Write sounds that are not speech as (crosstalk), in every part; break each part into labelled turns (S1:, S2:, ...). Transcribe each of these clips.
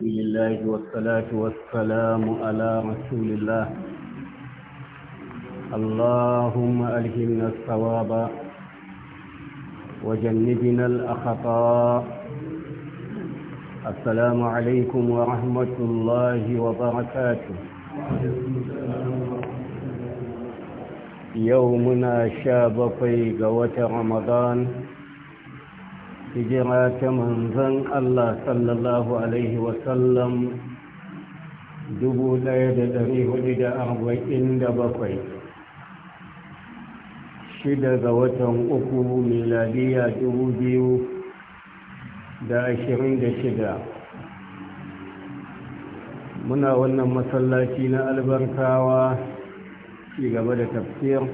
S1: بسم الله والصلاة والسلام على رسول الله اللهم ألهمنا الصواب وجنبنا الأخطاء السلام عليكم ورحمة الله وبركاته يومنا شاب في قوة رمضان hijira ta manzan Allah sallallahu Alaihi wasallam 1447 shida ga watan uku miladiya 2026 muna wannan masallaci na albarkawa ci gaba da tafsir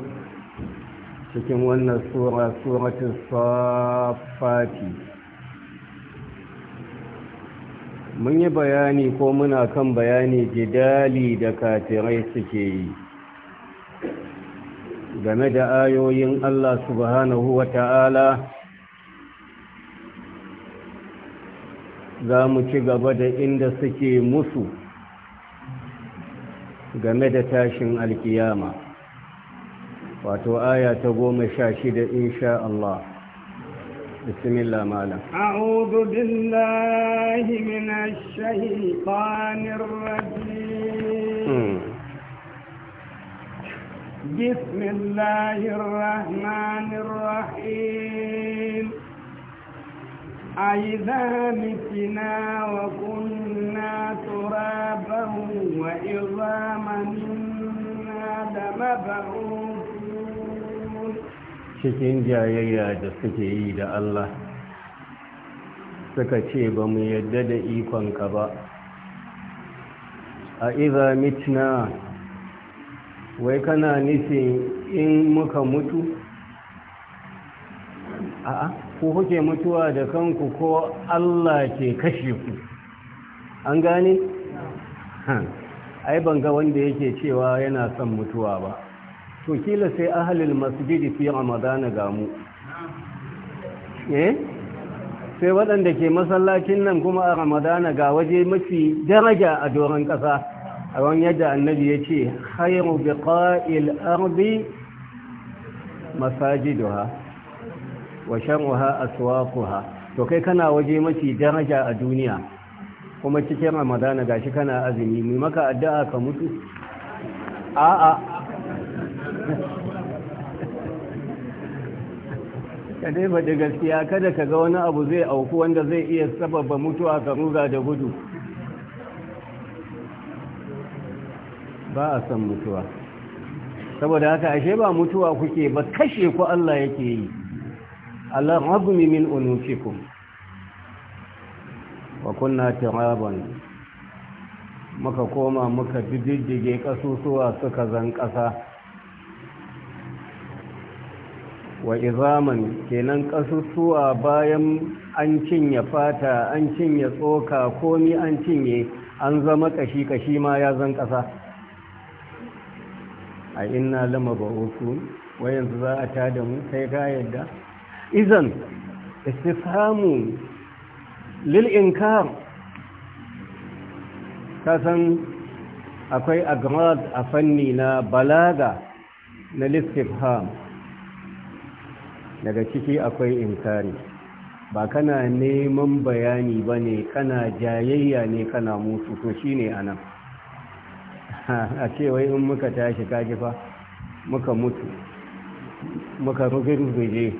S1: cikin wannan sura suratul mun yi bayani ko muna kan bayani jidali da kafirai suke yi game da ayoyin Allah subhanahu wa ta'ala za mu ci gaba da inda suke musu game da tashin alkiyama واتو آية تقوم goma إن شاء الله بسم الله مالا
S2: أعوذ بالله من الشيطان الرجيم بسم الله الرحمن الرحيم أئذا متنا وكنا ترابا وإظاما منا لمبعوث
S1: cikin jayayya da suke yi da Allah suka ce ba mu yadda da ikonka ba a iza mitna wai kana nufin in muka mutu a'a ku kuke mutuwa da kanku ko Allah ke kashe ku an gane? ai ban ga wanda yake cewa yana son mutuwa ba to kila sai ahalil masjidi fi ramadana ga mu eh sai waɗanda ke masallacin nan kuma a ramadana ga waje mafi daraja a doron ƙasa a wani yadda annabi ya ce khairu biqa'il ardi masajiduha wa sharruha aswaquha to kai kana waje mafi daraja a duniya kuma cikin ramadana gashi kana azumi mai maka addu'a ka mutu a'a ka dai da gaskiya kada ka ga wani abu zai auku wanda zai iya sababa mutuwa ka ruga da gudu ba a san mutuwa saboda haka ashe ba mutuwa kuke ba kashe ku Allah yake yi Allah rabbi min unufikum wa kunna tiraban muka koma muka diddige kasusuwa suka zan kasa wa izaman kenan ƙasusuwa bayan an cinye fata an cinye tsoka komi an cinye an zama kashi-kashi ma ya zan kasa a inna lama ba wayanzu za a tada mu sai ga yadda izan istifhamu lil inkar Kasan akwai agmad a fanni na balaga na listifhamu daga ciki akwai inkari ba kana neman bayani ba ne kana jayayya ne kana mutu, to shi ne a nan (laughs) a cewa in muka tashi kajifa muka mutu muka rugurguje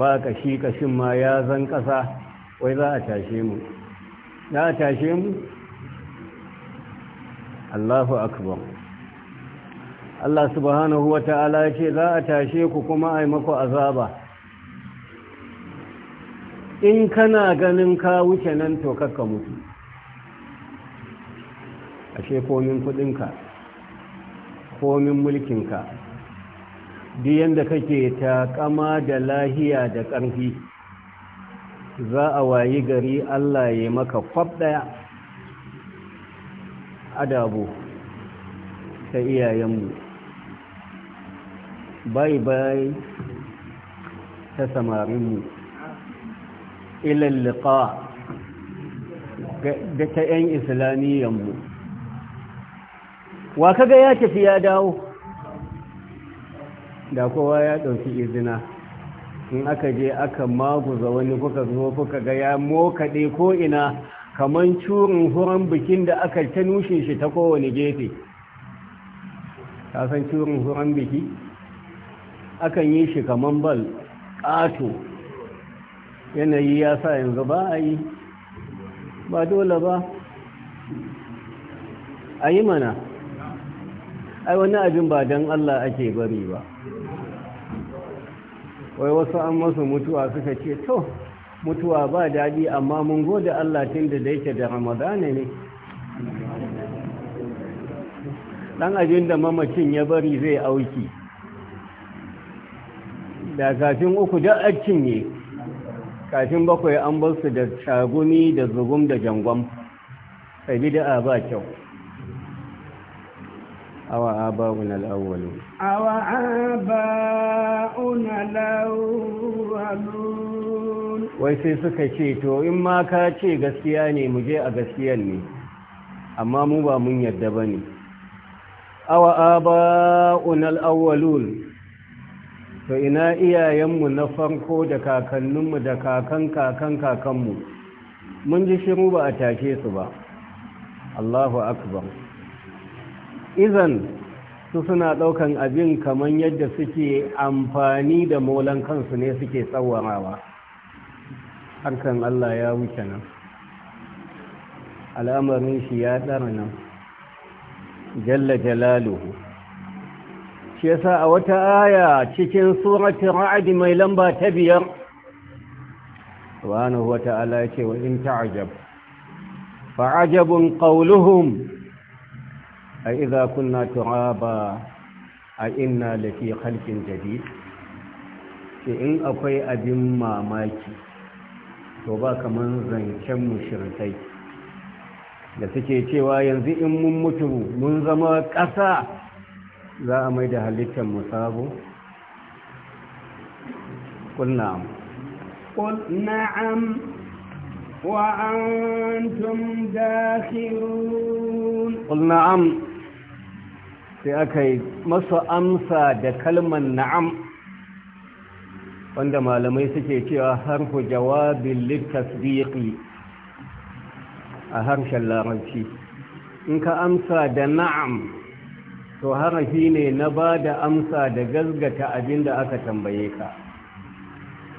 S1: ba kashi kashin ma ya zan kasa, wai za a tashe mu za a tashe mu allahu akbar Allah subhanahu wa ta'ala ce za a tashe ku kuma a yi maku azaba in kana ganin ka wuce nan to kakka mutu ashe komin kudinka komin mulkinka duk yadda kake ta kama da lahiya da ƙarfi za a wayi gari Allah ya maka kwab ɗaya adabu ta iyayenmu bai bai ta samarinmu ilallika da ta 'yan islamiyyanmu wa kaga ya tafi ya dawo da kowa ya ɗauki izina in aka je aka maguza wani kuka zo kuka ga ya mokaɗe ko ina kamar curin huran bikin da aka ta nushe shi ta kowane gefe san curin huran biki akan yi shi kamar bal ƙato yanayi ya sa yanzu ba a yi ba dole ba a yi mana ai wani abin ba don Allah ake bari ba wai wasu an masu mutuwa suka ce to mutuwa ba daɗi amma mun gode Allah tun da da yake da ramadana ne ɗan abin da mamacin ya bari zai auki da kafin uku da a cinye kafin bakwai an bar su da shagumi da zugum da jangon sai a ba kyau awa aba'una al'awwalu
S2: awa aba'una al'awwalu
S1: wai sai suka ce to in ma ka ce gaskiya ne mu je a gaskiyar ne amma mu ba mun yadda bane awa aba'una al'awwalu to ina iyayenmu na farko da kakanninmu da kakan kakan kakanmu mun ji shiru ba a tashe su ba Allahu akbar izan su suna ɗaukan abin kamar yadda suke amfani da molan kansu ne suke tsawarawa harkan Allah ya wuce nan al'amarin shi ya tsara nan jalla jalaluhu shi yasa a wata aya cikin suratul ra'd mai lamba ta biyar subhanahu wata'ala yace wa in ta'jab fa'ajabun qawluhum a idza kunna turaba a inna lafi khalqin jadid ce in akwai abin mamaki to ba kaman zancen mushrikai da suke cewa yanzu in mun mutu mun zama ƙasa za a mai da halittar musabo قل نعم
S2: قل نعم وأنتم داخلون
S1: قل نعم sai aka yi masa amsa da kalmar na'am wanda malamai suke cewa harfu jawabin littasbiqi a harshen larabci in ka amsa da na'am to harafi ne na ba da amsa da gazgata abin da aka tambaye ka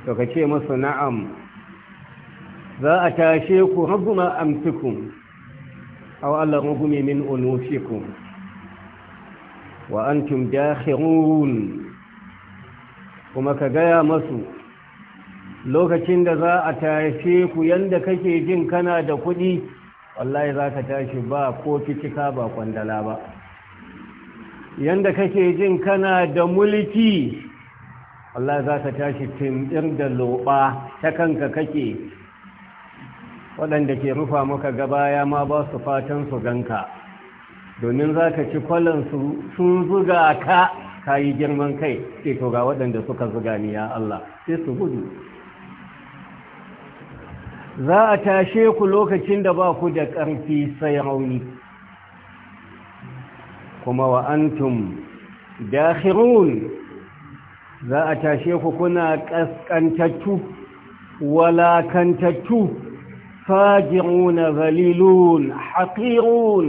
S1: to ka ce masu na'am za a tashe ku raguma amsikun aw Allah ragumi min unufikum wa antum dakhirun kuma ka gaya masu lokacin da za a tashe ku yadda kake jin kana da kuɗi wallahi za ka tashi ba ko cika ba kwandala ba yanda kake jin kana da mulki Allah za ka tashi timɗir da loɓa ta kanka kake waɗanda ke rufa maka gabaya ma ba su fatan su ganka domin za ka ci kwalansu sun zuga ka ka yi girman kai ke eh, waɗanda suka zuga ni ya Allah sai su gudu za a tashe ku lokacin da ba ku da ƙarfi sai rauni kuma wa antum dakhirun za a tashe ku kuna kaskantattu walakantattu fajiruna zalilun haqirun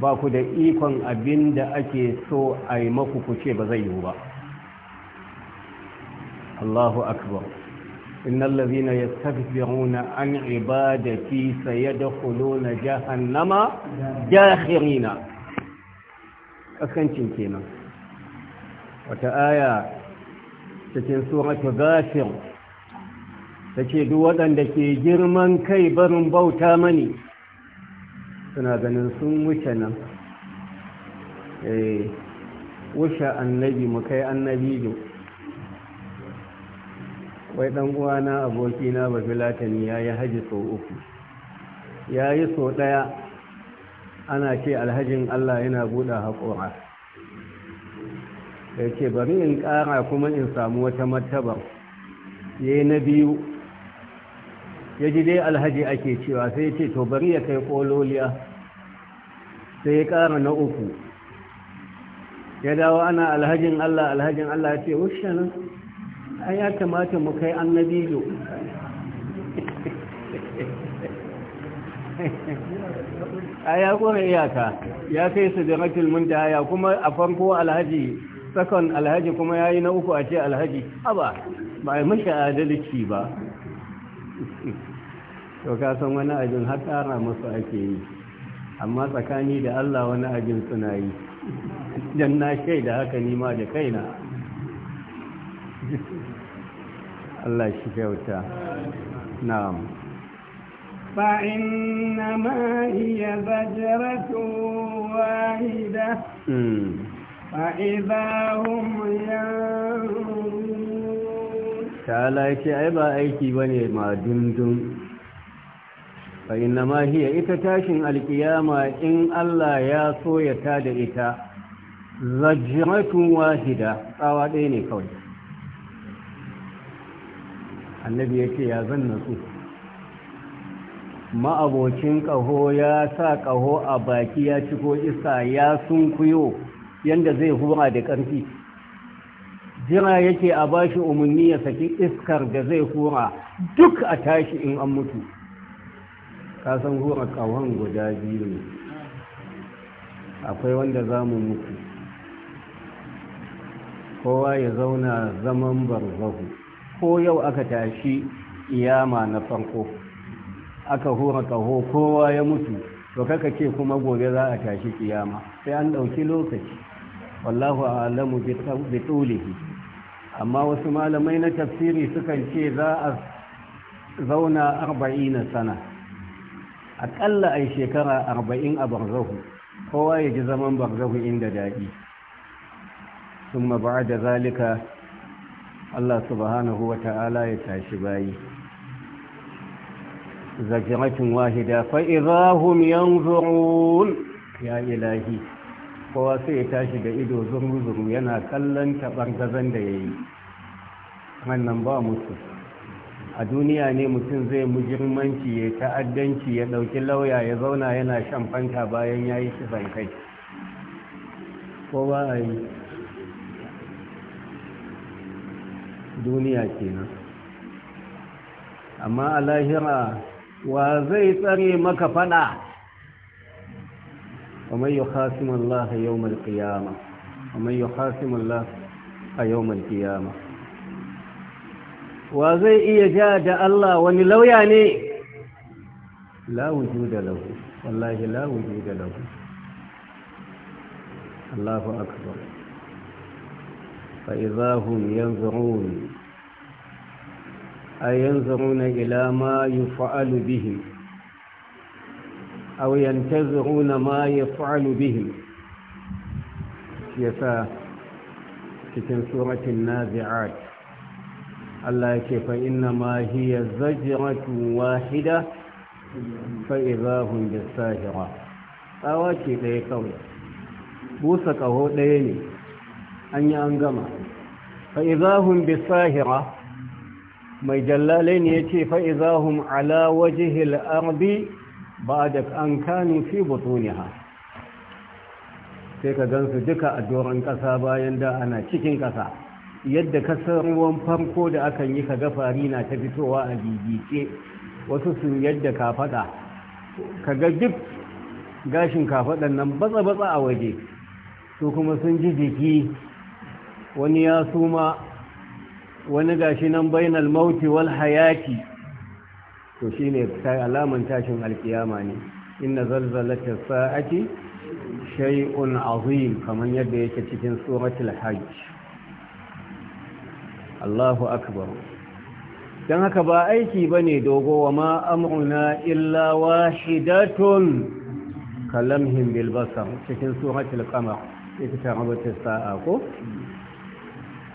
S1: ba ku da ikon abin da ake so a yi maku kuce ce ba zai yiwu ba Allahu akbar إن الذين يستكبرون عن عبادتي سيدخلون جهنم جاخرين أكنتم كينا وتآية تكين سورة غافر تكي دودا لكي جرما كيبر بوتا مني سنادن سن وشنا وشا النبي مكي النبي جو wai dan uwana abokina ba filatani ya yi haji sau uku ya yi sau ɗaya ana ce alhajin allah yana buɗa haƙora da ce bari in ƙara kuma in samu wata martaba ya yi na biyu ya ji dai alhaji ake cewa sai ce to bari ya kai ƙololiya sai ya ƙara na uku ya dawo ana alhajin allah alhajin allah ya ce nan. ai ya kamata mu kai annabijo a ya kore iyaka ya kai su da rakil muntahaya kuma a farko alhaji sakon alhaji kuma ya yi na uku a ce alhaji haba ba a mashi adalci ba to ka san wani abin har masu ake yi amma tsakani da allah wani abin suna yi don na shaida haka nima da kaina Allah shi kyauta na'am
S2: fa inna ma hiya zajratu wahida hmm. fa idza hum
S1: Ta shi ai ba aiki bane ma ba, fa inna ma hiya ita tashin alqiyama in Allah ya so ya tada ita zajratu wahida tsawa ɗaya ne kawai annabi ya ce ya zan natsu ma'abocin ƙaho ya sa ƙaho a baki ya ciko isa ya sun kuyo yadda zai hura da ƙarfi jira yake a bashi umarni ya saki iskar da zai hura duk a tashi in an mutu Ka san hura ƙahon guda biyu ne akwai wanda za mu mutu kowa ya zauna zaman barzahu ko yau aka tashi iyama na farko aka hura kaho kowa ya mutu to kaka ce kuma gobe za a tashi kiyama sai an ɗauki lokaci wallahu alamu bi tsulihi amma wasu malamai na tafsiri sukan ce za a zauna arba'in sana aƙalla ai shekara arba'in a barzahu kowa ya ji zaman barzahu inda daɗi sun ba da zalika Allah subhanahu wa ta'ala ya tashi bayi Zakiratin wahida fa idahum yanzurun ya ilahi kowa sai ya tashi da ido zuru-zuru yana kallon taɓar gazan da ya yi wannan ba mutu a duniya ne mutum zai mujirmanci ya ta'addanci ya ɗauki lauya ya zauna yana shan fanta bayan ya yi kisan kai kowa a duniya kenan amma a lahira wa zai tsare maka fada kamar yi hasimun laha yau malkiyama kamar yi hasimun laha yau malkiyama wa zai iya ja da Allah wani lauya ne lawuju da lauhu wallahi lawuju da lauhu Allahu fa فإذا هم ينظرون أي ينظرون إلى ما يفعل بهم أو ينتظرون ما يفعل بهم يسا في سورة النازعات الله كيف إنما هي زجرة واحدة فإذا هم بالساهرة أواكي ليكوي بوسك أهو ليني an yi an gama fa'izahun sahira mai jallalai ne ya ce fa'izahun ala wajihil arbi ba da an kanu fi butuniha sai ka gansu duka a doron ƙasa bayan da ana cikin ƙasa yadda kasar ruwan farko da akan yi kaga fari na ta fitowa a gigice wasu sun yadda kafaɗa kaga duk gashin kafaɗan nan batsa-batsa a waje su kuma sun ji jiki wani ya suma wani gashi nan bainal mauti wal hayati to shine alaman tashin alkiyama ne inna zalzalata sa'ati shay'un azim kaman yadda yake cikin suratul hajj Allahu akbar dan haka ba aiki bane dogo wa ma amruna illa wahidatun kalamhim bil basar cikin suratul qamar ita ta rabata sa'a ko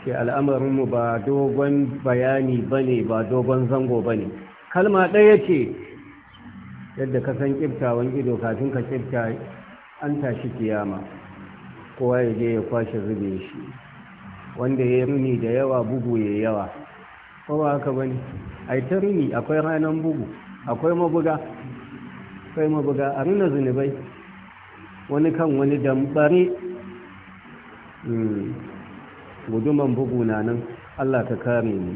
S1: ce al'amarinmu ba dogon bayani ba ne ba dogon zango ba ne kalma ɗaya ce yadda ka san ƙiftawan ido kafin ka ƙifta an tashi kiyama kowa ya je ya kwashe zube shi wanda ya runi da yawa bugu ya yawa kowa haka ba ne a ta runi akwai ranar bugu akwai mabuga akwai mabuga a runa zunubai wani kan wani dambare hmm. guduman bugu na nan Allah ka kare ni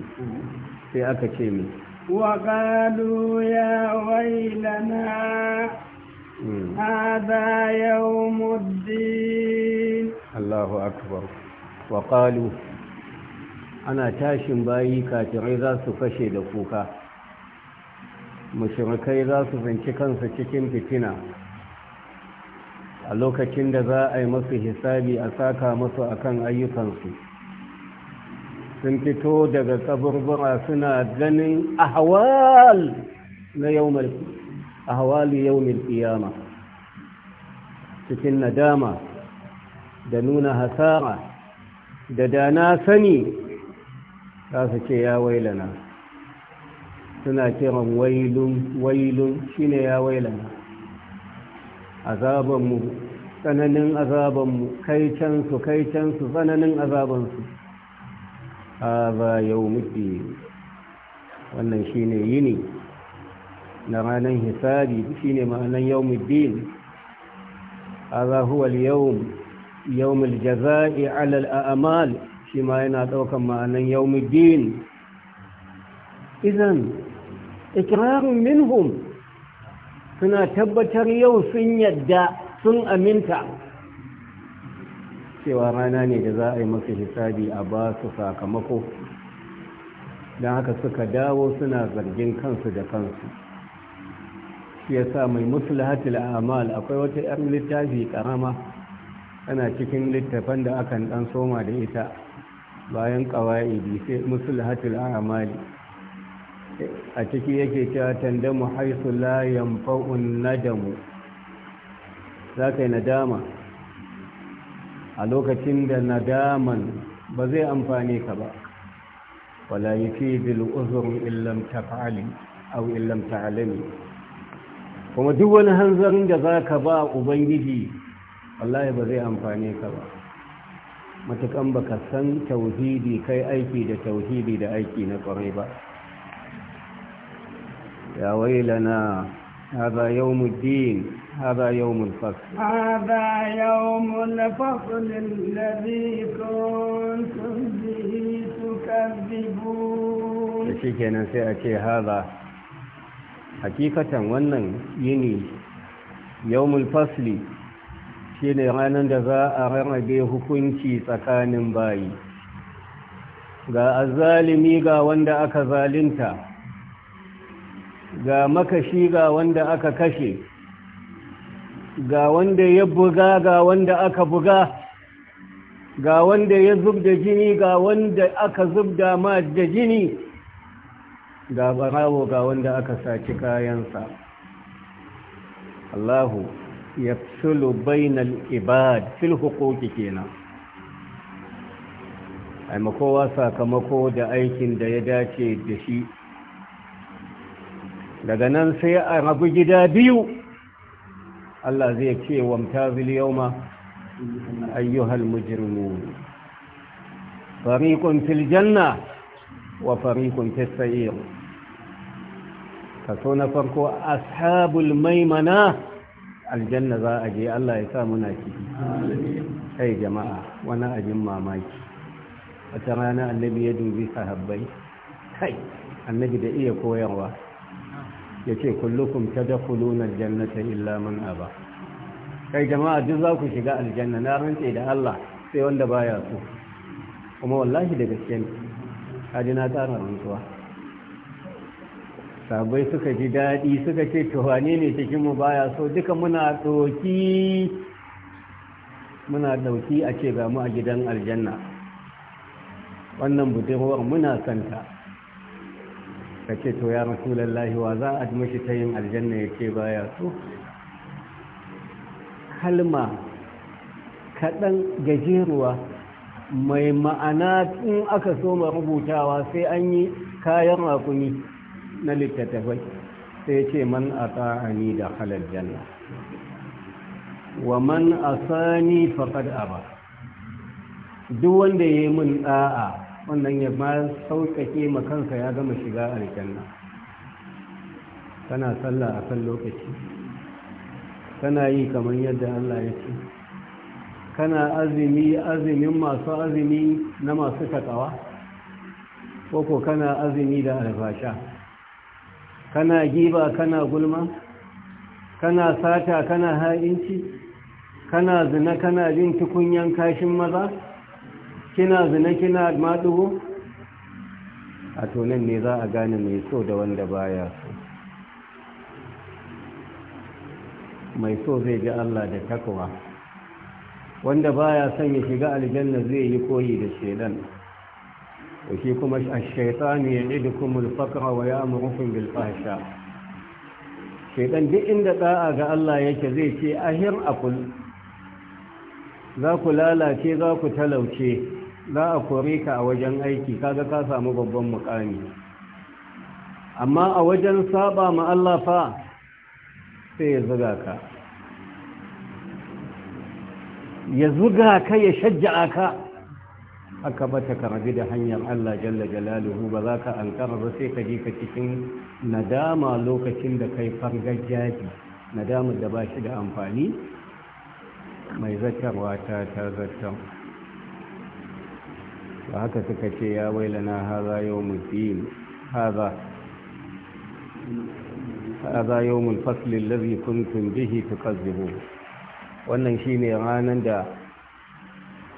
S1: sai aka ce mi
S2: وقالوا ya ويلنا هذا يوم الدين
S1: Allahu akbar. وقالوا ana tashin bayi kafirai za su fashe da kuka mashirikai za su zanci kansu cikin fitina a lokacin da za a yi masu hisabi a saka masu akan ayyukansu سنتتو دغا تبربر اسنا دنين احوال ليوم احوال يوم القيامة ستن داما دنون هسارة ددانا سني تاسكي يا ويلنا سنا كرم ويل ويل شين يا ويلنا عذابا مو سننن عذابا مو كي كيشنس سنن عذابا مو هذا يوم الدين وأن شيني يني نراني هسادي شيني ما أنا يوم الدين هذا هو اليوم يوم الجزاء على الأعمال شما ينادوك ما أنا يوم الدين إذن إكرار منهم سنة تبتر يوم سنة سنة منتع cewa rana ne da za a yi masu hisabi a ba su sakamako don haka suka dawo suna zargin kansu da kansu shi ya sa mai musulhatul amal akwai wata 'yar littafi karama tana cikin littafan da akan dan soma da ita bayan ƙawa'idi sai musulahatul amali a ciki yake cewa tandamu haisu la yanfa'un nadamu za ka yi nadama a lokacin da nadaman ba zai amfane ka ba wala yufidul uzru illam taf'ali aw illam ta'lami kuma duk wani hanzarin da za ka ba ubangiji wallahi ba zai amfane ka ba matukan ka san tauhidi kai aiki da tauhidi da aiki na kwarai ba ya wailana هذا يوم الدين هذا يوم الفصل
S2: هذا يوم الفصل الذي كنتم به تكذبون
S1: شكرا سيأتي هذا حقيقة ونن يني يوم الفصل shine ranar da za a rarrabe hukunci tsakanin bayi ga azalimi ga wanda aka zalinta ga makashi ga wanda aka kashe ga wanda ya buga ga wanda aka buga ga wanda ya zub da jini ga wanda aka zub da ma da jini ga barawo ga wanda aka saci kayansa Allahu ya fulu bainal ibad fil hukuki kenan ai makowa sakamako da aikin da ya dace da shi daga nan sai a rabu gida biyu Allah zai ce wa mtazil yawma ayyuhal mujrimun fariqun fil janna wa fariqun fis sa'ir kaso na farko ashabul maimana aljanna za a je Allah ya sa muna ciki ai jama'a wani ajin mamaki wata rana annabi ya dubi sahabbai kai annabi da iya koyarwa ya ce kullukum ta janna jannata illa man aba kai jama'a duk za ku shiga aljanna na rantse da Allah sai wanda baya so kuma wallahi da gaske ne kaji na tsara rantsuwa sabai suka ji daɗi suka ce tuwane ne cikin mu baya so duka muna ɗauki muna ɗauki a ce ga mu a gidan aljanna wannan budurwar muna santa ka ce to ya rasulallahi wa za a mashi ta yin aljanna ya ce baya so kalma kaɗan gajeruwa mai ma'ana in aka soma rubutawa sai an yi kayan rakuni na littattafai sai ce man a tsa'ani da halar janna wa man a sani aba duk wanda ya yi min ɗa'a wannan ya ma sauƙaƙe ma kansa ya gama shiga aljanna kana sallah a kan lokaci kana yi kamar yadda Allah ya ce kana azumi azumin masu azumi na masu takawa koko kana azumi da alfasha kana giba kana gulma kana sata kana ha'inci kana zina kana jin tukunyan kashin maza kina zina kina maɗugo a tonin ne za a gane mai so da wanda baya so mai so zai ji Allah da takwa wanda baya son ya shiga aljanna zai yi koyi da shedan shi kuma a ya shaytan da kuma faqra wa ya bil bilfasha shedan duk inda ɗa'a ga Allah yake zai ce ahir akul za ku lalace za ku talauce za a kore ka a wajen aiki kaga ka samu babban mukami amma a wajen saba ma Allah fa sai ya zuga ka ya zuga ka ya shajja'a ka aka bata ka rabi da hanyar Allah jalla jalaluhu ba za ka ankara ba sai ka je ka cikin nadama lokacin da kai fargajaji nadamar da ba shi da amfani mai zakarwa ta ta da haka suka ce ya na haza yau din haza haza yawmul fasl allazi kuntum bihi tukazzibu wannan shine ranar da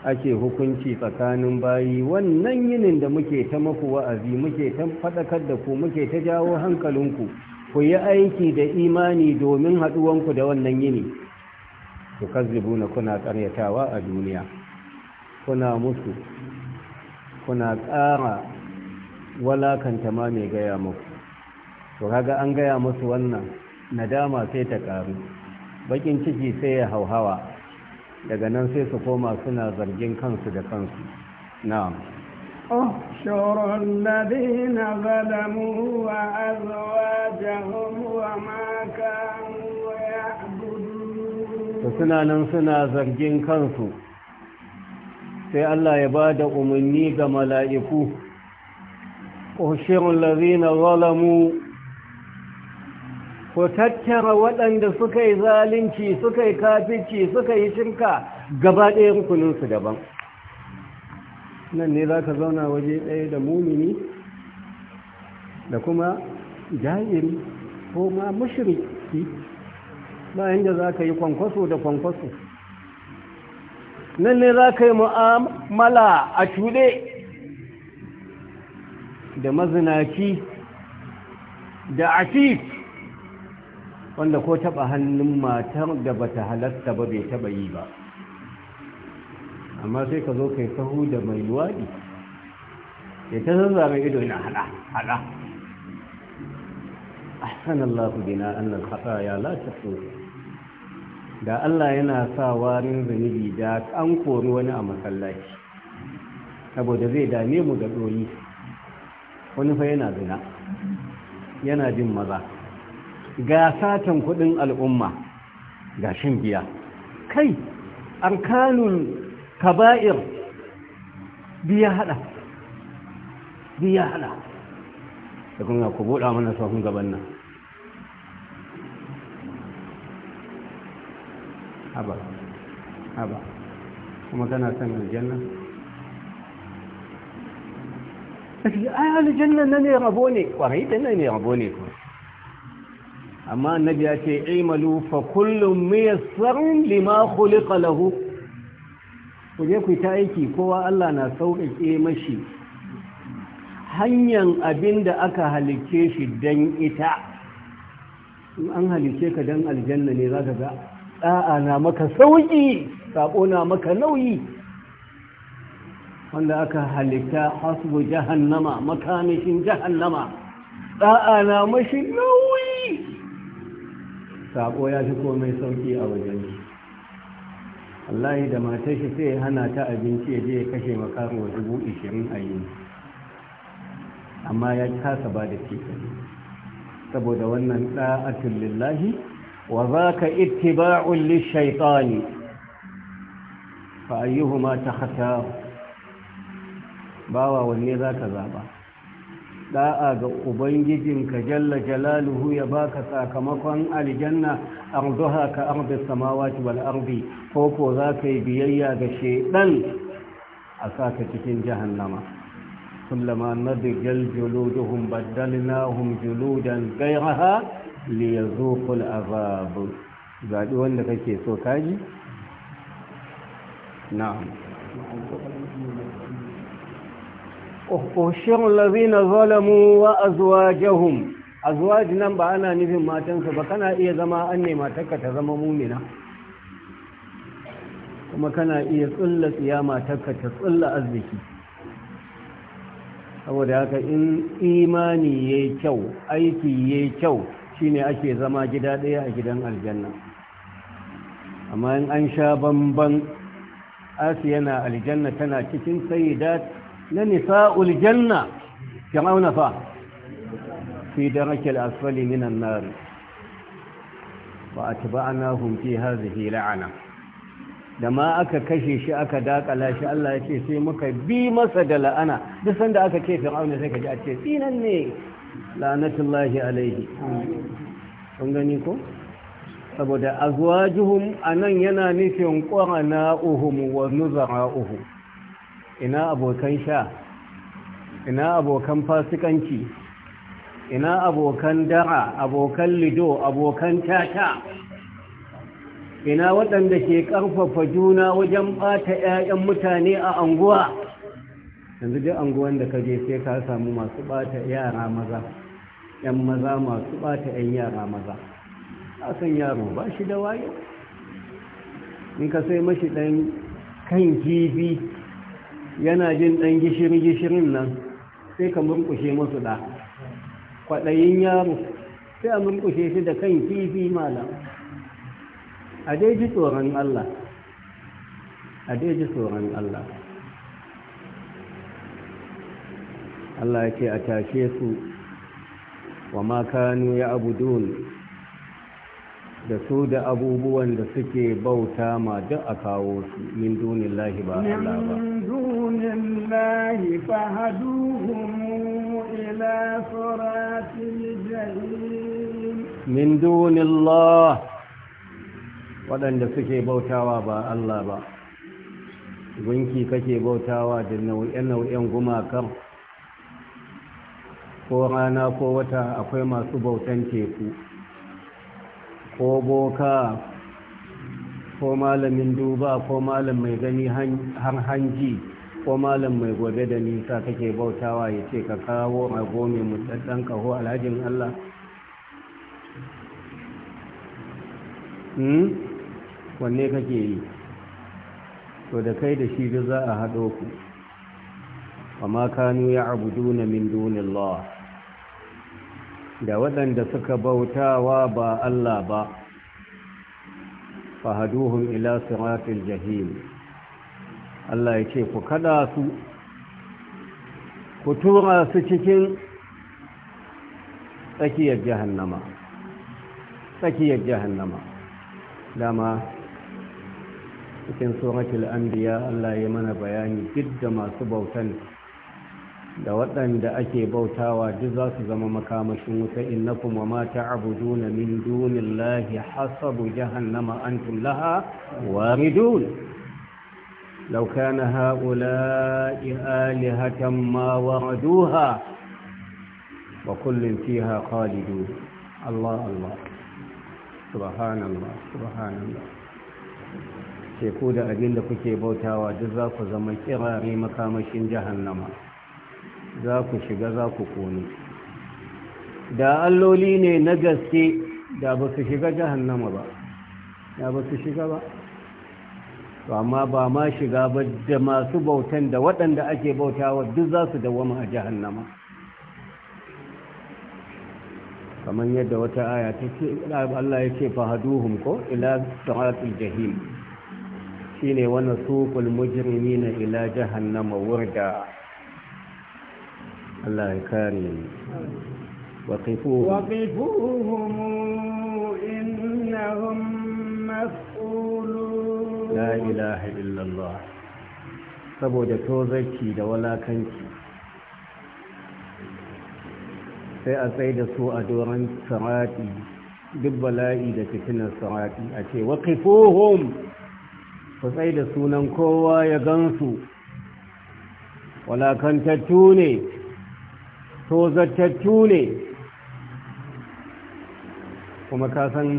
S1: ake hukunci tsakanin bayi wannan yinin da muke ta maku wa'azi muke ta fadakar da ku muke ta jawo hankalinku ku yi aiki da imani domin haduwanku da wannan yini na kuna karyatawa a duniya kuna musu kuna ƙara walakanta ma mai gaya muku to kaga an gaya musu wannan nadama sai ta ƙaru bakin ciki sai ya hauhawa daga nan sai su koma suna zargin kansu da kansu na'am
S2: احشروا الذين ظلموا وأزواجهم وما كانوا يعبدون فسنا
S1: ننسنا زرجين كنسو sai Allah ya ba da umarni ga mala'iku ƙoshirin lalina zalamu ku tattara waɗanda suka yi zalunci suka yi kafici suka yi shirka gaba ɗaya rukuninsu daban nan ne za ka zauna waje ɗaya da mumini da kuma jahiri ko ma mashirki bayan da za ka yi kwankwaso da kwankwaso nan ne za ka yi mu'amala a cuɗe da mazinaci da atif wanda ko taba hannun matar da bata ta halatta ba bai taba yi ba amma sai ka zo kai sahu da mai luwaɗi ya ta zanza mai ido na hada hada ahsanallahu annan annal ya lafi sosai. da Allah yana sa warin zunubi da an kori wani a masallaci saboda zai dame mu da ɗoyi wani fa yana zina yana jin maza ga satan kudin al'umma ga shin biya kai arkanun kaba'ir biya hada biya hada da kuma ku buɗa mana sahun gaban nan haba haba kuma kana son aljanna sai ai aljanna na ne rabo ne kwarai da ne rabo ne ko amma annabi ya ce imalu fa kullum miyassarun lima khuliqa lahu ku je ku ta aiki kowa Allah na sauƙaƙe mashi hanyan abin da aka halicce shi dan ita in an halicce ka dan aljanna ne za ka ga da'a na maka sauƙi saƙo na maka nauyi wanda aka halitta hasbu jahannama makamashin jahannama da'a na mashi nauyi sabo ya fi komai sauƙi a wajen allahi da matar shi sai hana ta abinci ya je ya kashe makaruwa dubu ishirin a yi amma ya kasa ba da cikin saboda wannan ɗa'atun lillahi وذاك اتباع للشيطان فأيهما تختار باوا واني ذاك ذابا داعا قبنجزم كجل جلاله يباك ساكمكا الجنة أرضها كأرض السماوات والأرض فوق ذاك بييا بشيئا أساك تكين جهنم كلما نذجل جلودهم بدلناهم جلودا غيرها liyazuqul azab zaɓi wanda kake so kaji na'am uhshir lazina zalamu wa azwajuhum azwaj nan ba ana nufin matansu ba kana iya zama an ne matarka ta zama mumina kuma kana iya tsulla tsiya matarka ta tsulla arziki saboda haka in imani yayi kyau aiki yayi kyau ne ake zama gida ɗaya a gidan aljanna amma in an sha bamban asiya na aljanna tana cikin sayyidat na nisa'ul janna auna fa fi darakil asfali minan nar fa atba'nahum fi hadhihi la'ana da ma aka kashe shi aka dakala shi Allah ya ce sai muka bi masa da la'ana duk sanda aka ce fir'auna sai ka ji a ce tsinan ne la'anatullahi alaihi kun gani ko saboda azwajuhum anan yana nufin qarana'uhum wa nuzara'uhum ina abokan sha ina abokan fasikanci ina abokan dara abokan lido abokan tata ina waɗanda ke ƙarfafa juna wajen ɓata 'ya'yan mutane a anguwa yanzu duk anguwan da ka je sai ka samu masu bata yara maza yan maza masu bata yan yara maza a san yaro ba shi da wayo in ka sai mashi dan kan kifi yana jin dan gishiri gishirin nan sai ka murkushe masu da kwaɗayin yaro sai a murkushe shi da kan kifi malam a dai ji tsoron Allah a dai ji tsoron Allah Allah ya ce a tashe su wa makanu ya abudun da su da abubuwan da suke bauta ma duk a kawo su min dunin lahi ba Allah ba
S2: dunin lahi fahaduhum ila jahim
S1: min dunin lahi waɗanda suke bautawa ba Allah ba gunki kake bautawa da naue gumakar ko rana ko wata akwai masu bautan teku ko boka ko malamin duba ko malam mai gani har hanji ko malam mai gobe da nisa kake bautawa ya ce ka kawo rago mai mutsatsen kaho alhajin Allah hmm? wanne kake yi to da kai da shi za a haɗo ku amma kanu ya abudu na min dunin Allah da waɗanda suka bautawa ba Allah ba fahaduhum ila siratil jahim Allah ya ce ku kada su ku tura su cikin tsakiyar jahannama tsakiyar jahannama dama cikin suratul anbiya Allah ya mana bayani duk da masu bautan da waɗanda ake bautawa duk za su zama makamashin wuta innakum wa ma ta'buduna min dunillahi hasabu jahannama antum laha waridun لو كان هؤلاء آلهة ما وردوها وكل فيها خالدون الله الله سبحان الله سبحان الله teku da abin da kuke bautawa duk za ku zama kirare makamashin jahannama za ku shiga za ku kone da alloli ne na gaske da ba su shiga jahannama ba da ba su shiga ba to amma ba ma shiga ba da masu bautan da waɗanda ake bautawa duk za su dawama a jahannama kamar yadda wata aya ta ce Allah ya ce fahaduhum ko ila sa'atul jahim shine wannan suqul mujrimina ila jahannama wurda Allah ya kare mu waqifuhum
S2: waqifuhum innahum mas'ulun la
S1: ilaha illallah saboda tozarki da walakanci sai a tsaye da su a doron sarati duk bala'i da fitinar sarati a ce waqifuhum ku tsaye da sunan kowa ya gansu walakantattu ne tozartattu ne kuma kasan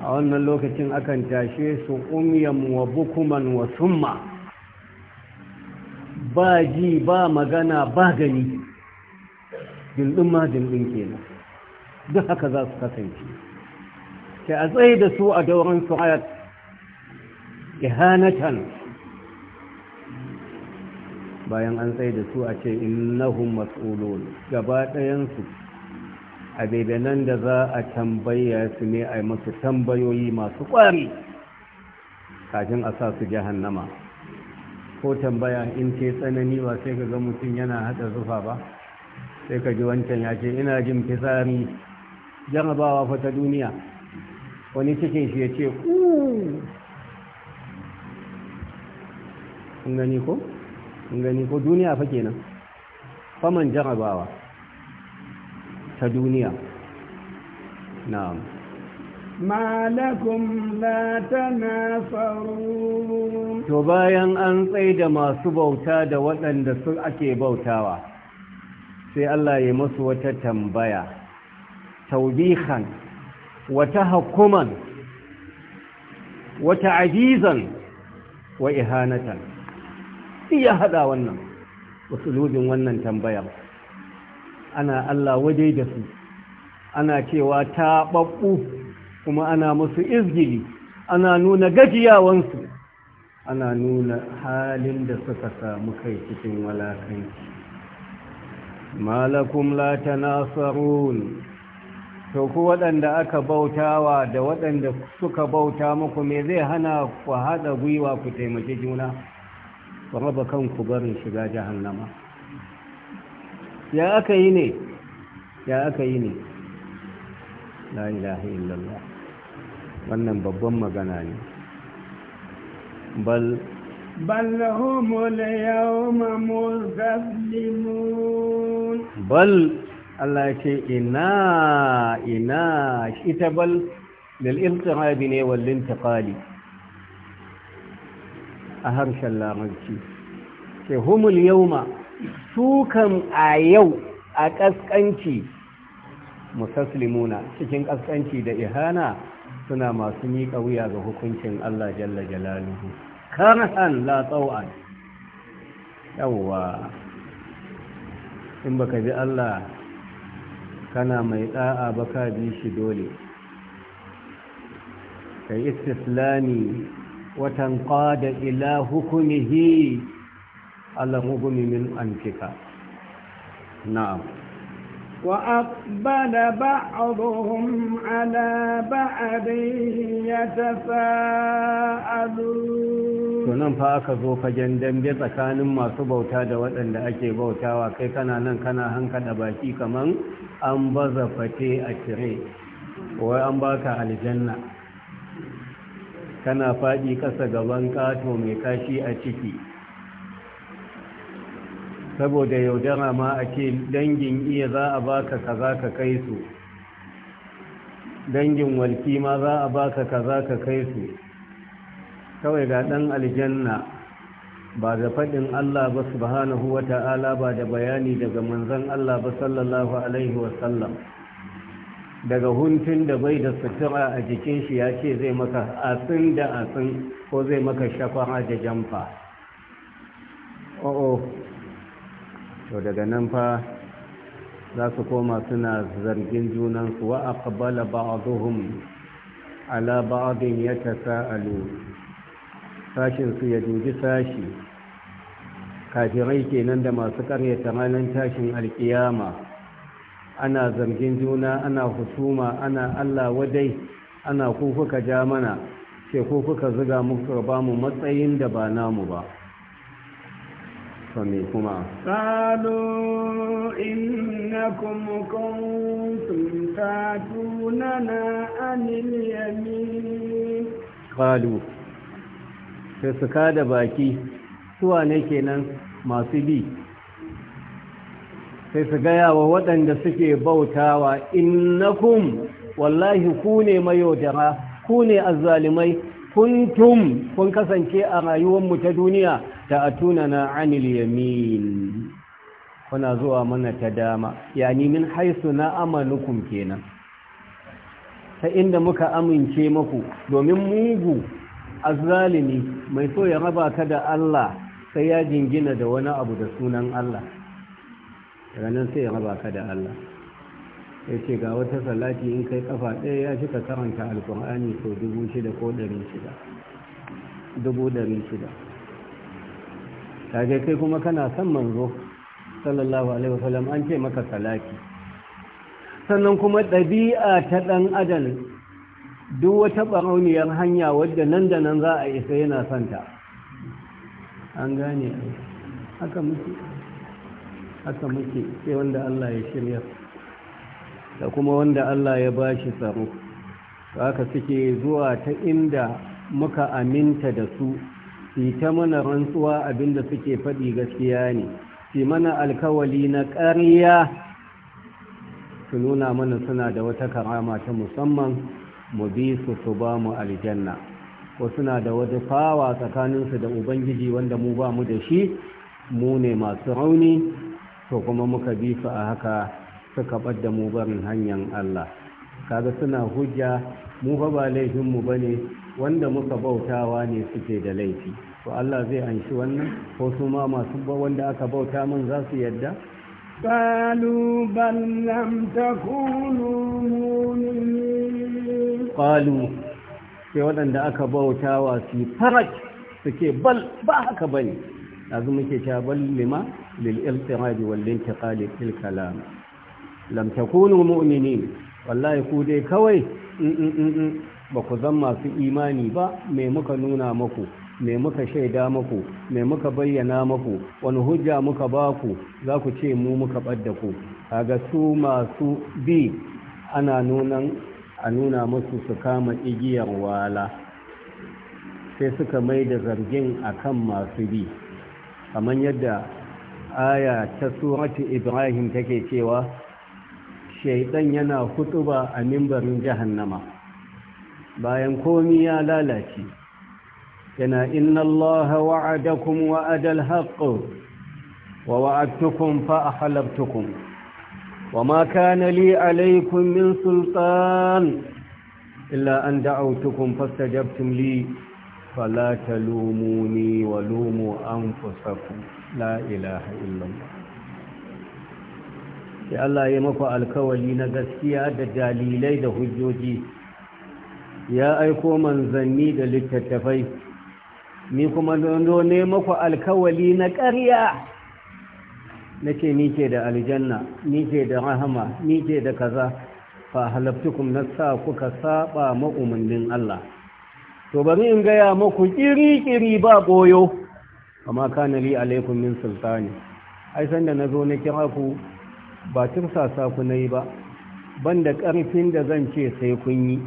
S1: a wannan lokacin akan tashe su umyan wa bukuman wa summa ba ji ba magana ba gani dindin ma dindin kenan duk haka za su kasance sai a tsaye da su a dauran ayat ihanatan bayan an tsaye da su a ce innahum mas'ulun gaba ɗayansu a nan da za a tambaya su ne a masu tambayoyi masu ƙwari kafin a sa su jahannama ko tambaya in ce tsanani ba sai ka ga mutum yana hada zufa ba sai ka ji wancan ya ce ina jin fitsari jarabawa fa ta duniya wani cikin shi ya ce
S2: ƙuu
S1: gani ko? gani ko duniya fa kenan faman jarabawa ta duniya na'am
S2: ma lakum la tanafarun
S1: to bayan an tsai da masu bauta da waɗanda su ake bautawa sai Allah ya masu wata tambaya tawbihan wata hukuman, wata ajizan wa ihanatan duk ya haɗa wannan usulubin wannan tambayar ana Allah waje da su ana cewa ta taɓaɓɓu kuma ana musu izgili ana nuna gajiyawansu ana nuna halin da suka samu kai cikin walakanci malakum la tanasarun to ku waɗanda aka bautawa da waɗanda suka bauta muku me zai hana ku haɗa gwiwa ku taimaki juna ku raba kanku barin shiga jahannama ya aka yi ne ya aka yi ne la ilaha illallah wannan babban magana ne bal Bal, Allah ya ce ina ina ita bal lil إنا ne wal intiqali a harshen lamarci ke humul yauma sukan a yau a ƙasƙanci musaslimuna cikin ƙasƙanci da ihana suna masu miƙa wuya ga hukuncin Allah jalla jalaluhu karahan la tsawon yawwa in baka bi Allah kana mai ɗa'a baka ji shi dole ka yi istislami وتنقاد إلى حكمه الرغم من أنفك نعم
S2: وأقبل بعضهم على بعض يتساءلون
S1: sunan fa aka zo fagen dambe tsakanin masu bauta da waɗanda ake bautawa kai kana nan kana hankada baki kaman an baza a tire wai an baka aljanna kana faɗi ƙasa gaban ƙato mai kashi a ciki saboda yaudara ma a ce dangin iya za a baka kaza ka kai su dangin walki ma za a baka kaza ka kai su kawai ga ɗan aljanna ba da faɗin Allah ba subhanahu wa ta'ala ba da bayani daga manzan Allah ba sallallahu alaihi wasallam daga huntun da bai da sutura a jikin shi ya ce zai maka asin da asin ko zai maka shafara da jamfa o'o to daga nan fa za su koma suna zargin junansu wa aqbala ba'dhum ala ya yatasaalu sashin su ya duji sashi kafirai kenan da masu karyata ranar tashin alkiyama ana zargin juna ana hutuma, ana allah wadai ana ku kuka ja mana ke ku kuka zuga muka ba mu matsayin da ba namu ba sami kuma
S2: kuma innakum kuntum na anil yamin
S1: ƙalu sai suka da baki suwa ne kenan masu bi sai su gaya wa waɗanda suke bautawa innakum wallahi ku ne mayaudara ku ne azzalimai kuntum kun kasance a rayuwarmu ta duniya ta atuna na anil yamin kuna zuwa mana ta dama yani min haisu na amalukum kenan ta inda muka amince maku domin mugu azzalimi mai so ya raba ka da Allah sai ya jingina da wani abu da sunan Allah ranar sai ya raba ka da Allah ya ce ga wata salati in kai kafa ɗaya ya shi ka karanta alkur'ani ko dubu shida ko ɗari shida dubu ɗari shida kage kai kuma kana son manzo sallallahu alaihi wasallam an ce maka salati sannan kuma ɗabi'a ta ɗan adam duk wata barauniyar hanya wadda nan da nan za a isa yana santa an gane haka mutu haka muke sai wanda Allah ya shirya da kuma wanda Allah ya ba shi tsaro haka suke zuwa ta inda muka aminta da su su ta mana rantsuwa abinda suke faɗi gaskiya ne su mana alkawali na ƙarya su nuna mana suna da wata karama ta musamman mu bi su su ba mu aljanna ko suna da wata fawa tsakaninsu da ubangiji wanda mu ba mu da shi mu ne masu rauni to kuma muka bi su a haka suka da mu barin hanyar Allah kaga suna hujja mu fa ba laifinmu ba ne wanda muka bautawa ne suke da laifi to Allah zai anshi wannan ko su ma masu wanda aka bauta min za su yadda
S2: قالوا بل لم تكونوا مؤمنين
S1: قالوا sai waɗanda aka bautawa su farak suke bal ba haka bane yanzu muke ta bal lima للإلتراب والانتقال في الكلام لم تكونوا مؤمنين والله كودي كوي ba ku zan masu imani ba mai muka nuna maku mai muka shaida maku Me muka bayyana maku wani hujja muka ba ku za ku ce mu muka ɓadda ku kaga su masu bi ana nunan a nuna musu su kama igiyar wala sai suka mai da zargin akan masu bi kamar yadda aya ta suratu ibrahim take cewa shaidan yana hutuba a mimbarin jahannama bayan komi ya lalace yana inna allaha wa'adakum wa'adal haqq wa wa'adtukum fa ahlabtukum وما كان لي عليكم من سلطان إلا أن دعوتكم فاستجبتم لي فلا تلوموني ولوموا أنفسكم la ilaha illallah sai Allah ya maku alkawali na gaskiya da dalilai da hujjoji ya aiko manzanni da littattafai ni kuma dondo ne maku alkawali na ƙarya nake ni da aljanna ni ke da rahama ni da kaza fa halaftukum na sa kuka saba ma'umannin Allah to bari in gaya maku kiri-kiri ba boyo kama kana li alaikum min sultani ai san da nazo na kira ku ba sa ku nayi ba banda karfin da zan ce sai kun yi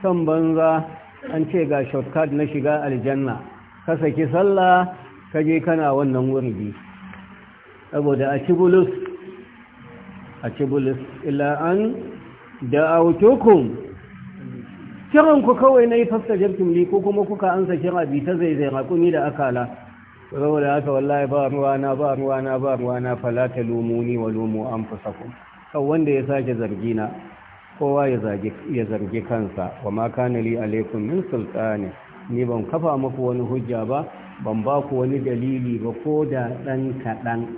S1: son banza an ce ga shortcut na shiga aljanna ka saki sallah ka je kana wannan wuri saboda a cibulus a cibulus illa an da'autukum kiran ku kawai nayi fasta jarkum li ko kuma kuka ansa kira bi ta zai raƙumi da akala saboda haka wallahi ba na ba na ba na falata lumuni wa lumu an fusakun kan wanda ya sake zargina kowa ya zargi kansa wa ma kana li alaikum min sultani ni ban kafa muku wani hujja ba ban ba ku wani dalili ba ko da dan kadan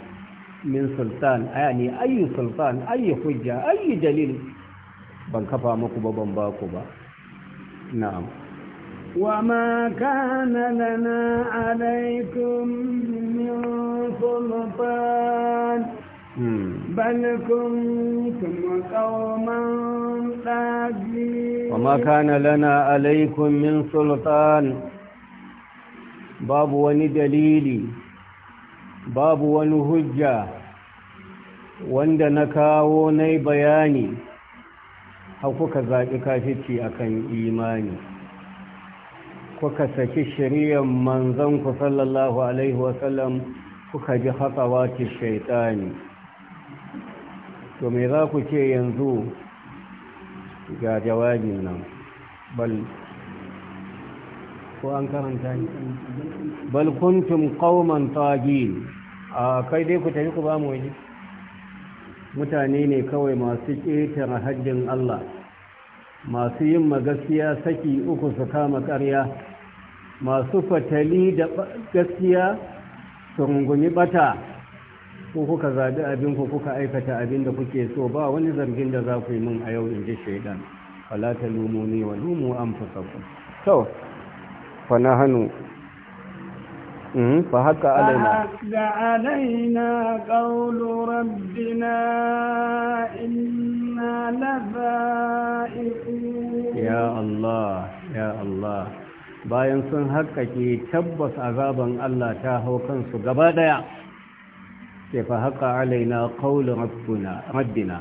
S1: min sultan aya ni ayi sultan ayi hujja ayi dalil ban kafa muku ba ban ba ku ba na'am
S2: وما كان لنا عليكم من سلطان بل كنتم قوما طاغين وما
S1: كان لنا عليكم من سلطان باب وني دليلي باب وني حجه wanda na kawo na bayani ka zaɓi kafici akan imani kuka saki shari'ar manzanku sallallahu alaihi wasallam kuka ji ki shaitani to me za ku ce yanzu ga jawabin nan bal ko an karanta ni bal kuntum qauman tagin a kai dai ku tafi ku ba mu waje mutane ne kawai masu ƙetare haddin Allah masu yin magaskiya saki uku su kama karya masu fatali da gaskiya su rungumi bata ko kuka zaɓi abin ko kuka aikata abin da kuke so ba wani zargin da za ku yi min a yau in ji shaidan falata wa lumu an fusa ku so hannu فحق علينا
S2: فحق علينا قول ربنا إنا لذائقون يا
S1: الله يا الله bayan sun ke tabbas azaban Allah ta hau kansu gaba ɗaya ke fa haƙa alaina ƙaunar rabbina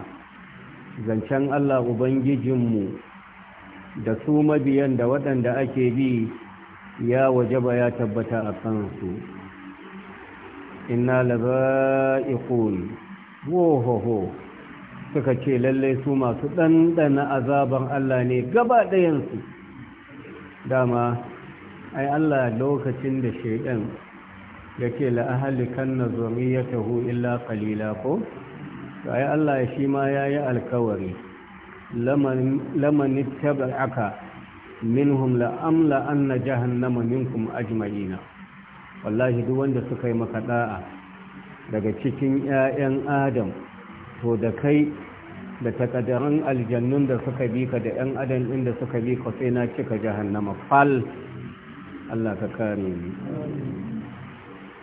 S1: zancen Allah Ubangijinmu da su mabiyan da waɗanda ake bi ya wajaba ya tabbata a kansu inna laba'iqun wohoho suka ce lalle su masu ɗanɗana azaban Allah ne gaba ɗayansu dama ai Allah lokacin da shaidan yake la'ahalikan na taho illa qalila ko ai Allah shi ma yayi alkawari lamanin laman minhum la'amla anna jahannama minkum ajma'ina wallahi duk wanda suka yi maka da'a daga cikin 'ya'yan adam to da kai da takadaran aljannun da suka bi ka da 'yan adam ɗin da suka bi ka sai na cika jahannama fal Allah ka kare ni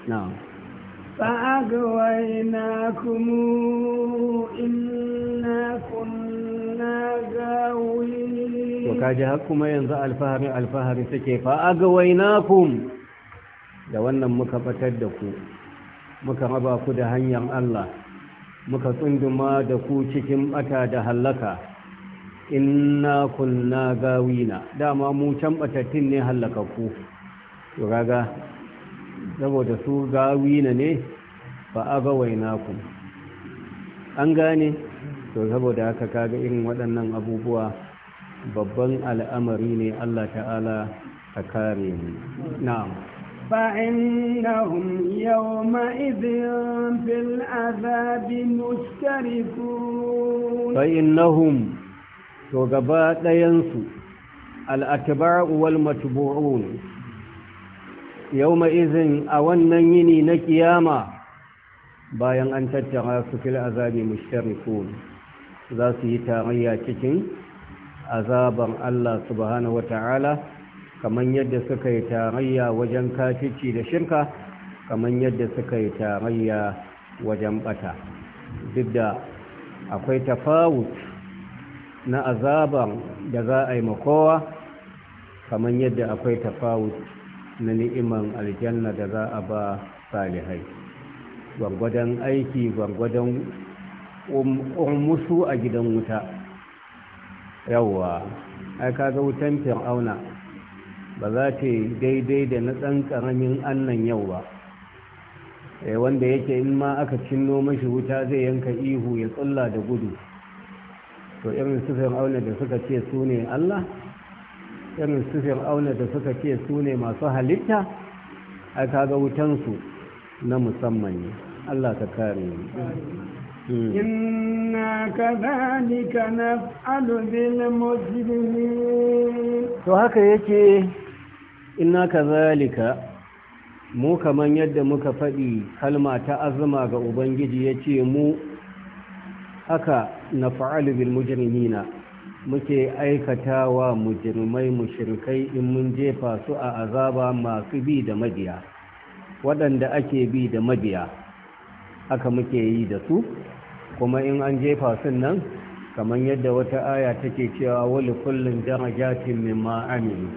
S1: na'am
S2: fa'agwainakum inna kunna to kaji
S1: har kuma yanzu alfahari alfahari suke fa agawainakum da wannan muka batar da ku muka raba ku da hanyar Allah muka tsunduma da ku cikin bata da hallaka inna kunna gawina dama mu can batattun ne hallakakku ku. kaga saboda su gawina ne fa agawainakum an gane to saboda haka kaga irin waɗannan abubuwa babban al'amari ne Allah ta'ala ta kare ni na'am
S2: fa'innahum yawma idhin fil azab mushtarikun
S1: fa'innahum to gaba dayan su al wal matbu'un yawma idhin a wannan yini na kiyama bayan an tattara su fil azab mushtarikun za su yi tarayya cikin azaban Allah subhanahu wata'ala kamar yadda suka yi tarayya wajen kafici da shirka kamar yadda suka yi tarayya wajen bata duk da akwai tafawut na azaban da za a yi makowa kamar yadda akwai tafawut na ni'iman aljanna da za a ba salihai gwargwadon aiki gwargwadon Um, um, musu a gidan wuta yawwa ai kaga wutan fir'auna ba za ta daidai da na ɗan ƙaramin annan yau ba eh, wanda yake in ma aka cinno mashi wuta zai yanka ihu ya tsulla da gudu to irin su fir'auna da suka ce su ne allah irin su fir'auna da suka ce su ne masu halitta ai kaga wutansu na musamman ne allah ka kare ni
S2: inna kadhalika naf'alu bil mujrimin
S1: to haka yake inna kadhalika mu kaman yadda muka faɗi kalma ta azuma ga ubangiji yace mu haka naf'alu bil mujrimina muke aikata wa mujirmai mushirkai in mun jefa su a azaba masu bi da mabiya waɗanda ake bi da mabiya haka muke yi da su kuma in an jefa sun nan kamar yadda wata aya take cewa wali kullum darajatin mimma amilu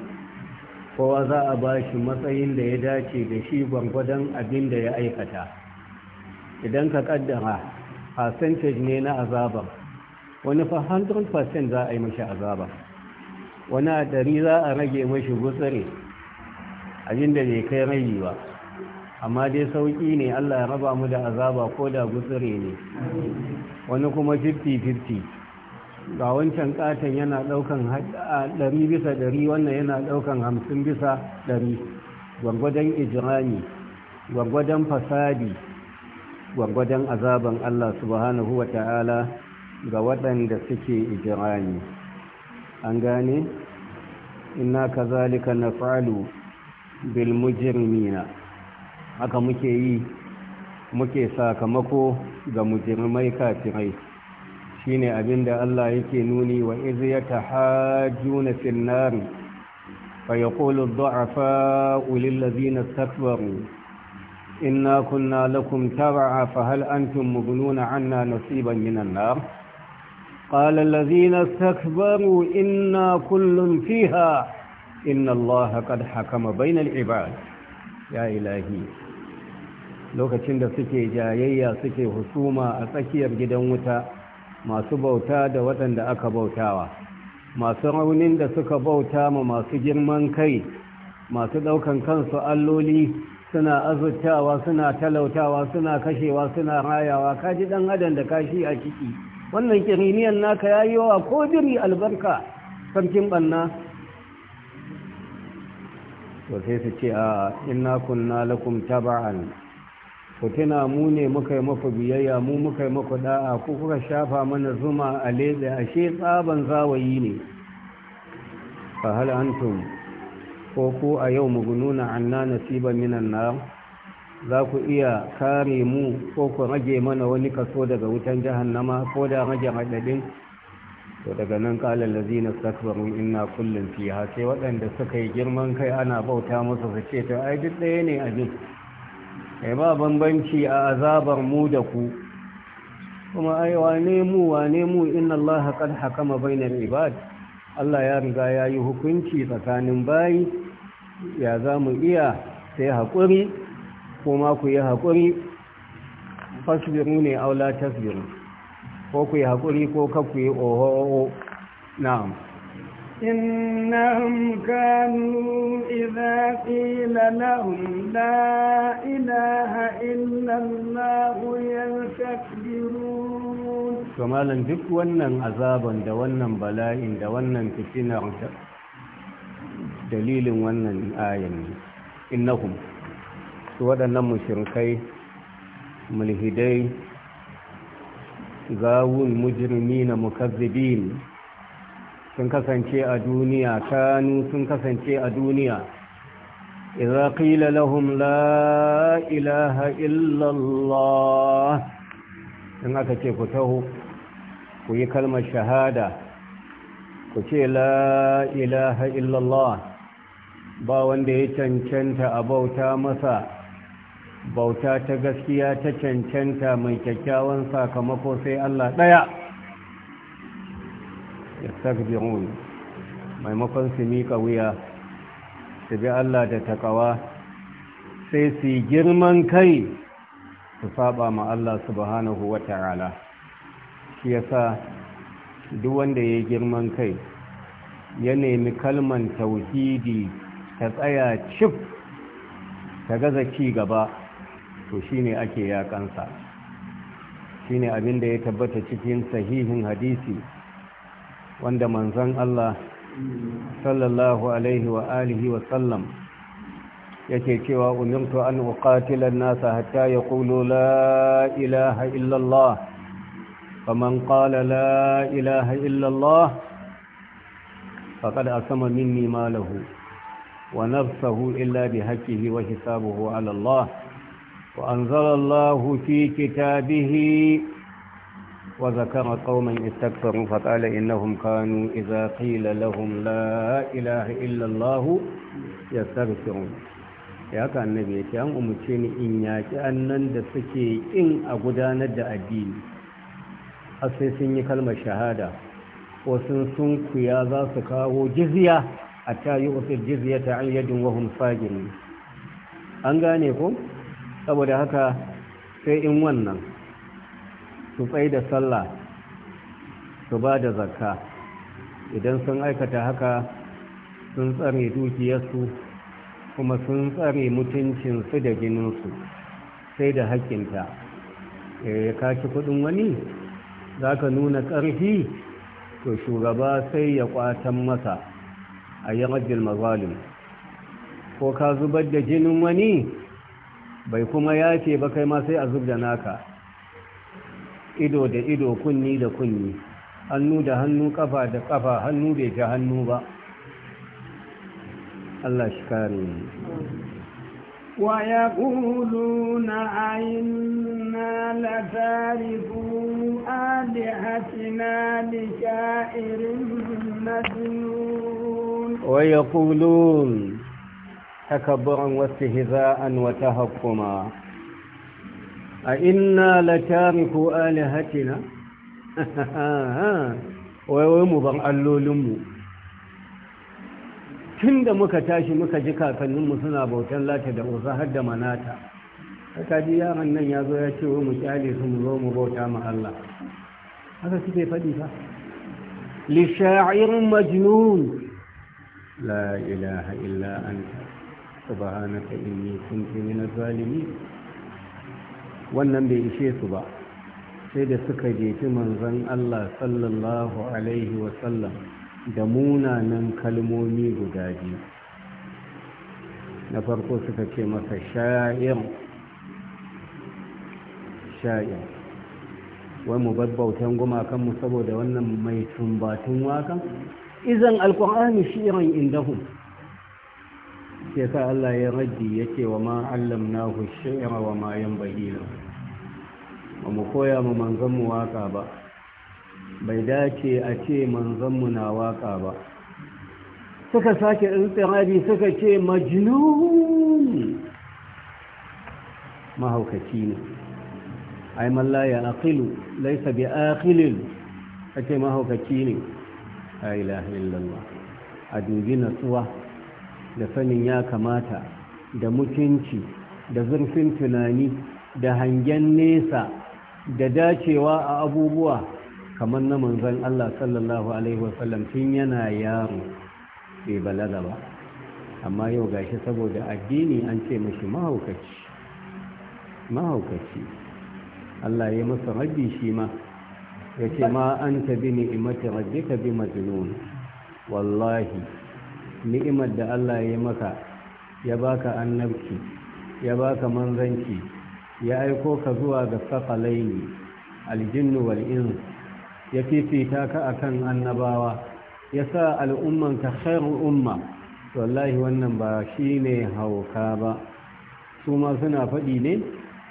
S1: kowa za a ba shi matsayin da ya dace da shi gwangwadon abin da ya aikata idan ka kaddara percentage ne na azabar wani fa 100% za a yi mashi azaba wani a dari za a rage mashi gutsare abin da bai kai rayuwa. amma dai sauƙi ne Allah ya raba mu da azaba ko da gutsire ne wani kuma 50-50 ga wancan katon yana ɗaukan 100 bisa 100 wannan yana ɗaukan 50 bisa 100 gwangwadon ijirani gwangwadon fasadi gwangwadon azaban Allah subhanahu wa ta'ala ga waɗanda suke ijirani an gane Ina ka zalika na falu bil mujrimina haka muke yi muke sakamako ga mujirmai kafirai shine abinda Allah yake nuni wa iz yatahajjuna fil nar fa yaqulu ad-du'afa'u lil ladina istakbaru inna kunna lakum tab'a fa hal antum mughnuna 'anna nasiban minan nar قال الذين استكبروا إنا كل فيها إن الله قد حكم بين العباد ya ilahi lokacin da suke jayayya suke husuma a tsakiyar gidan wuta masu bauta da waɗanda aka bautawa masu raunin da suka bauta ma masu girman kai masu ɗaukan kansu alloli suna azurtawa suna talautawa suna kashewa suna rayawa kaji ɗan adam da kashi a ciki wannan kiriniyan naka yayi yawa ko biri albarka sarkin ɓanna to sai su ce a inna kunna lakum taba'an ku tuna mu ne muka yi maku biyayya mu muka yi maku da'a ku kuka shafa mana zuma a lebe ashe tsaban zawayi ne fa hal ko ku a yau mugununa anna nasiba minan na za ku iya kare mu ko ku rage mana wani kaso daga wutan jahannama ko da rage raɗaɗin to daga nan kalar lazina sakbarun ina kullum fiha sai waɗanda suka yi girman kai ana bauta musu su ce ta ai duk ɗaya ne abin ai ba bambanci a azabar mu da ku kuma ai wane mu wane mu inna Allah qad hakama bainal ibad Allah ya riga ya yi hukunci tsakanin bayi ya za mu iya sai hakuri kuma ku yi haƙuri fasbiru ne aula tasbiru ko ku yi haƙuri ko kakku yi oho na'am
S2: إنهم كانوا إذا قيل لهم لا إله إلا الله يستكبرون
S1: كما malam duk wannan azaban da wannan bala'in da wannan fitinar dalilin wannan ayan ne innahum su waɗannan mushrikai mulhidai zawul na mukazzibin sun kasance a duniya kanu sun kasance a duniya idza qila lahum la ilaha illa Allah in aka ce ku taho ku yi kalmar shahada ku ce la ilaha illa Allah ba wanda ya cancanta a bauta masa bauta ta gaskiya ta cancanta mai kyakkyawan sakamako sai Allah ɗaya ya sagbirun maimakon su miƙa wuya su bi Allah da takawa sai su yi girman kai su saba ma Allah subhanahu wa ta'ala shi sa duk wanda ya yi girman kai ya nemi kalman tauhidi ta tsaya cif ta gaza ci gaba to shine ake yakansa shine abin da ya tabbata cikin sahihin hadisi wanda manzon Allah sallallahu alaihi wa alihi wa sallam yake cewa umirtu an uqatila an-nasa hatta yaqulu la ilaha illa Allah faman qala la ilaha illa Allah faqad asama minni malahu wa nafsuhu illa bihaqqihi wa hisabuhu ala Allah وأنزل الله في كتابه وذكر قوما استكبروا فقال إنهم كانوا إذا قيل لهم لا إله إلا الله يستغفرون ya ka annabi ya ce an umarce ni in yaƙi annan da suke in a gudanar da addini Asai sai sun yi kalmar shahada ko sun sun kuya za su kawo jizya a ta yi usul jizya ta an yadin wahun fagin an gane ko saboda haka sai in wannan su tsaye da sallah su ba da zakka idan sun aikata haka sun tsare dukiyarsu kuma sun tsare mutuncinsu da jininsu sai da haƙƙinta ya eh, kashi kudin wani za ka nuna ƙarfi to shugaba sai ya kwatan masa a yi rajin mazalim ko ka zubar da jinin wani bai kuma yace ba kai ma sai a zub da naka ido da ido kunni da kunni hannu da hannu kafa da kafa hannu bai ga hannu ba Allah shi kare ne
S2: ويقولون sha'irin لتاركو آلهتنا
S1: wa ya ويقولون wasu wata A تكبرا واستهزاء وتهكما أئنا لتاركوا آلهتنا ويومضا اللولم tun da muka tashi muka ji kakanninmu suna bautan lata da uza har da manata haka ji yaran nan ya zo ya ce wa mu kyale su mu zo mu bauta ma Allah haka suke faɗi fa li sha'irin majnun la ilaha illa anta subhanaka inni kuntu min zalimi wannan bai ishe su ba sai da suka jefi manzon Allah sallallahu alaihi wa sallam da munanan kalmomi guda biyu na farko suka ce masa sha'ir sha'ir wai mu babbautan mu saboda wannan mai tumbatun wakan izan alkur'ani shi'ran indahum sai sa Allah ya raddi ce wa ma na shi'ra wa ma yin lahu ba mu koya mu manzanmu waka ba bai dace a ce manzanmu na waka ba suka sake tsirari suka ce majinun mahaukaci ne ai man la akilu laisa bi aqilin ce mahaukaci ne a ilahi illallah a dubi natsuwa da sanin ya kamata da mutunci da zurfin tunani da hangen nesa da dacewa a abubuwa kamar na manzon Allah sallallahu alaihi wasallam tun yana yaro bai balaga ba amma yau gashi saboda addini an ce mashi mahaukaci mahaukaci Allah ya masa rabbi shi ma ya ce ma an tabi Rabi ka bi majnun wallahi ni'imar da Allah ya maka ya baka annabki, ya baka manzanci ya aiko ka zuwa ga safalaini aljinnu wal ins ya fifita ka akan annabawa ya sa al'umman ka khairu umma wallahi wannan ba shi ne hauka ba su ma suna faɗi ne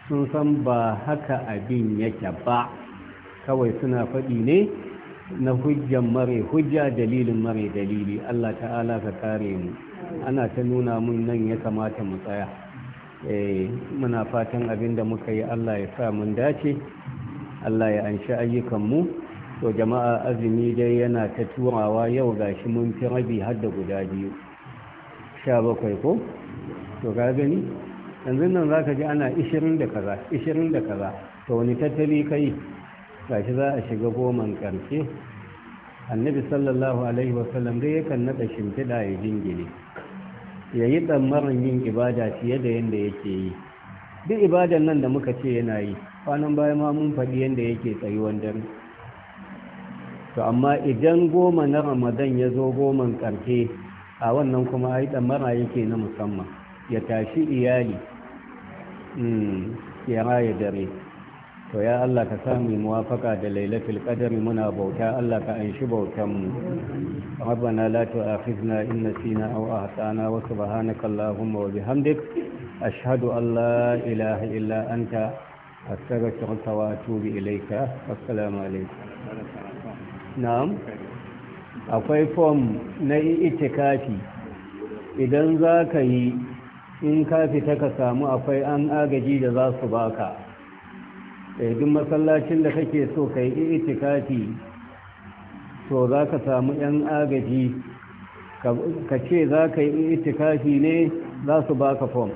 S1: sun san ba haka abin yake ba kawai suna faɗi ne na hujjan mare hujja dalilin mare dalili Allah ta'ala ka kare mu ana ta nuna mun nan ya kamata mu tsaya eh muna fatan abin da muka yi Allah ya sa mun dace Allah ya anshi ayyukan mu to jama'a azumi dai yana ta turawa yau gashi mun fi rabi har da guda biyu sha bakwai ko to ka gani yanzu nan zaka ji ana 20 da kaza 20 da kaza to wani tattali kai gashi za a shiga goman ƙarfe? annabi sallallahu alaihi wasallam dai yakan naɗa shimfiɗa ya jingine ya yi tsammarin yin ibada fiye da yadda yake yi duk ibadan nan da muka ce yana yi kwanan baya ma mun faɗi yadda yake tsayuwan dare to amma idan goma na ramadan ya zo goman ƙarfe a wannan kuma ai tsammara yake na musamman ya tashi iyali mm, ya raya dare to ya Allah ka sami muwafaka da lailatul qadr muna bauta Allah ka anshi bautan mu rabbana la tu'akhizna in nasina aw akhtana wa subhanaka allahumma wa bihamdik ashhadu an la ilaha illa anta astaghfiruka wa atubu ilayka assalamu alaykum na'am akwai form na itikafi idan za ka yi in ka fita ka samu akwai an agaji da za su baka Eh, duk masallacin da kake so ka yi itikafi to za ka samu 'yan agaji ka ce za ka yi itikafi ne za su baka fom